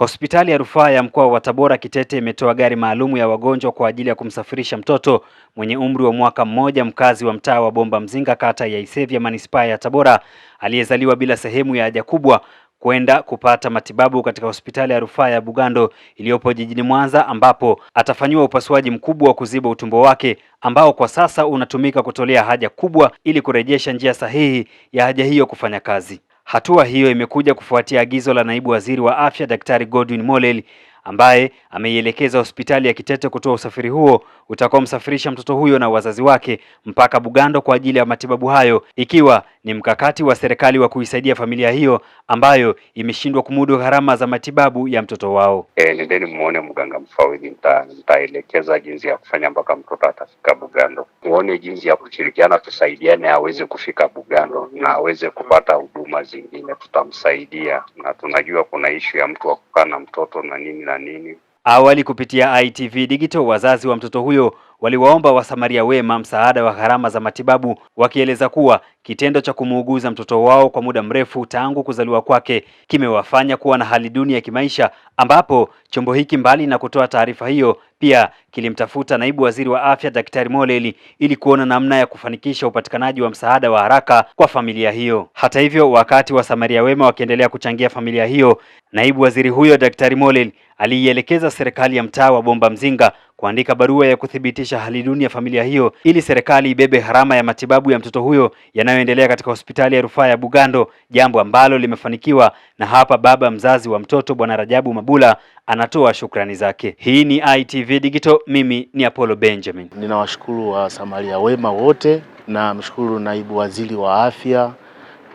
Hospitali ya Rufaa ya Mkoa wa Tabora Kitete imetoa gari maalumu ya wagonjwa kwa ajili ya kumsafirisha mtoto mwenye umri wa mwaka mmoja mkazi wa mtaa wa Bomba Mzinga kata ya Isevya manispaa ya Tabora aliyezaliwa bila sehemu ya haja kubwa kwenda kupata matibabu katika hospitali ya rufaa ya Bugando iliyopo jijini Mwanza ambapo atafanyiwa upasuaji mkubwa wa kuziba utumbo wake ambao kwa sasa unatumika kutolea haja kubwa ili kurejesha njia sahihi ya haja hiyo kufanya kazi. Hatua hiyo imekuja kufuatia agizo la naibu waziri wa afya Daktari Godwin Mollel ambaye ameielekeza hospitali ya Kitete kutoa usafiri huo utakuwa msafirisha mtoto huyo na wazazi wake mpaka Bugando kwa ajili ya matibabu hayo, ikiwa ni mkakati wa serikali wa kuisaidia familia hiyo ambayo imeshindwa kumudu gharama za matibabu ya mtoto wao. E, nendeni muone mganga mfawidhi, nitaelekeza jinsi ya kufanya mpaka mtoto atafika Bugando. Muone jinsi ya kushirikiana, tusaidiane aweze kufika Bugando na aweze kupata huduma zingine, tutamsaidia na tunajua kuna ishu ya mtu wa kukaa na mtoto na nini na nini. Awali kupitia ITV Digital, wazazi wa mtoto huyo waliwaomba Wasamaria wema msaada wa gharama za matibabu, wakieleza kuwa kitendo cha kumuuguza mtoto wao kwa muda mrefu tangu kuzaliwa kwake kimewafanya kuwa na hali duni ya kimaisha, ambapo chombo hiki mbali na kutoa taarifa hiyo pia kilimtafuta naibu waziri wa afya Daktari Moleli ili kuona namna ya kufanikisha upatikanaji wa msaada wa haraka kwa familia hiyo. Hata hivyo, wakati Wasamaria wema wakiendelea kuchangia familia hiyo, naibu waziri huyo Daktari Moleli aliielekeza serikali ya mtaa wa Bomba Mzinga kuandika barua ya kuthibitisha hali duni ya familia hiyo ili serikali ibebe gharama ya matibabu ya mtoto huyo yanayoendelea katika hospitali ya rufaa ya Bugando, jambo ambalo limefanikiwa. Na hapa baba mzazi wa mtoto Bwana Rajabu Mabula anatoa shukrani zake. Hii ni ITV Digital, mimi ni Apollo Benjamin. Ninawashukuru wa Samaria wema wote na mshukuru naibu waziri wa afya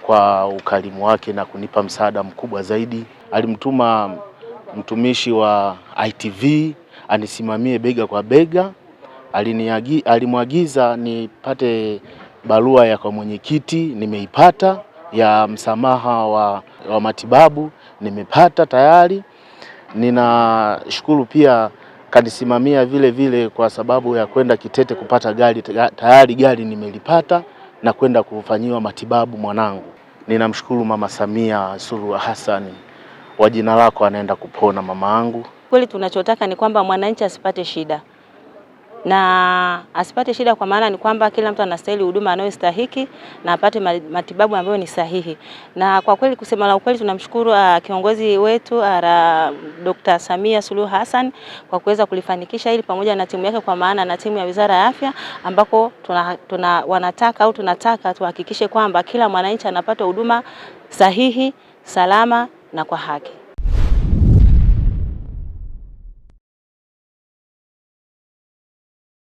kwa ukarimu wake na kunipa msaada mkubwa zaidi. Alimtuma mtumishi wa ITV anisimamie bega kwa bega. Aliniagi, alimwagiza nipate barua ya kwa mwenyekiti, nimeipata ya msamaha wa, wa matibabu nimepata tayari. Ninashukuru pia kanisimamia vile vile kwa sababu ya kwenda Kitete kupata gari, tayari gari nimelipata na kwenda kufanyiwa matibabu mwanangu. Ninamshukuru Mama Samia Suluhu Hassan, wa jina lako anaenda kupona mamaangu. Kweli tunachotaka ni kwamba mwananchi asipate shida na asipate shida, kwa maana ni kwamba kila mtu anastahili huduma anayostahiki na apate matibabu ambayo ni sahihi. Na kwa kweli, kusema la ukweli, tunamshukuru uh, kiongozi wetu uh, ah, Dr. Samia Suluhu Hassan kwa kuweza kulifanikisha hili pamoja na timu yake, kwa maana na timu ya Wizara ya Afya ambako tuna, tuna, wanataka au tunataka tuhakikishe kwamba kila mwananchi anapata huduma sahihi, salama na kwa haki.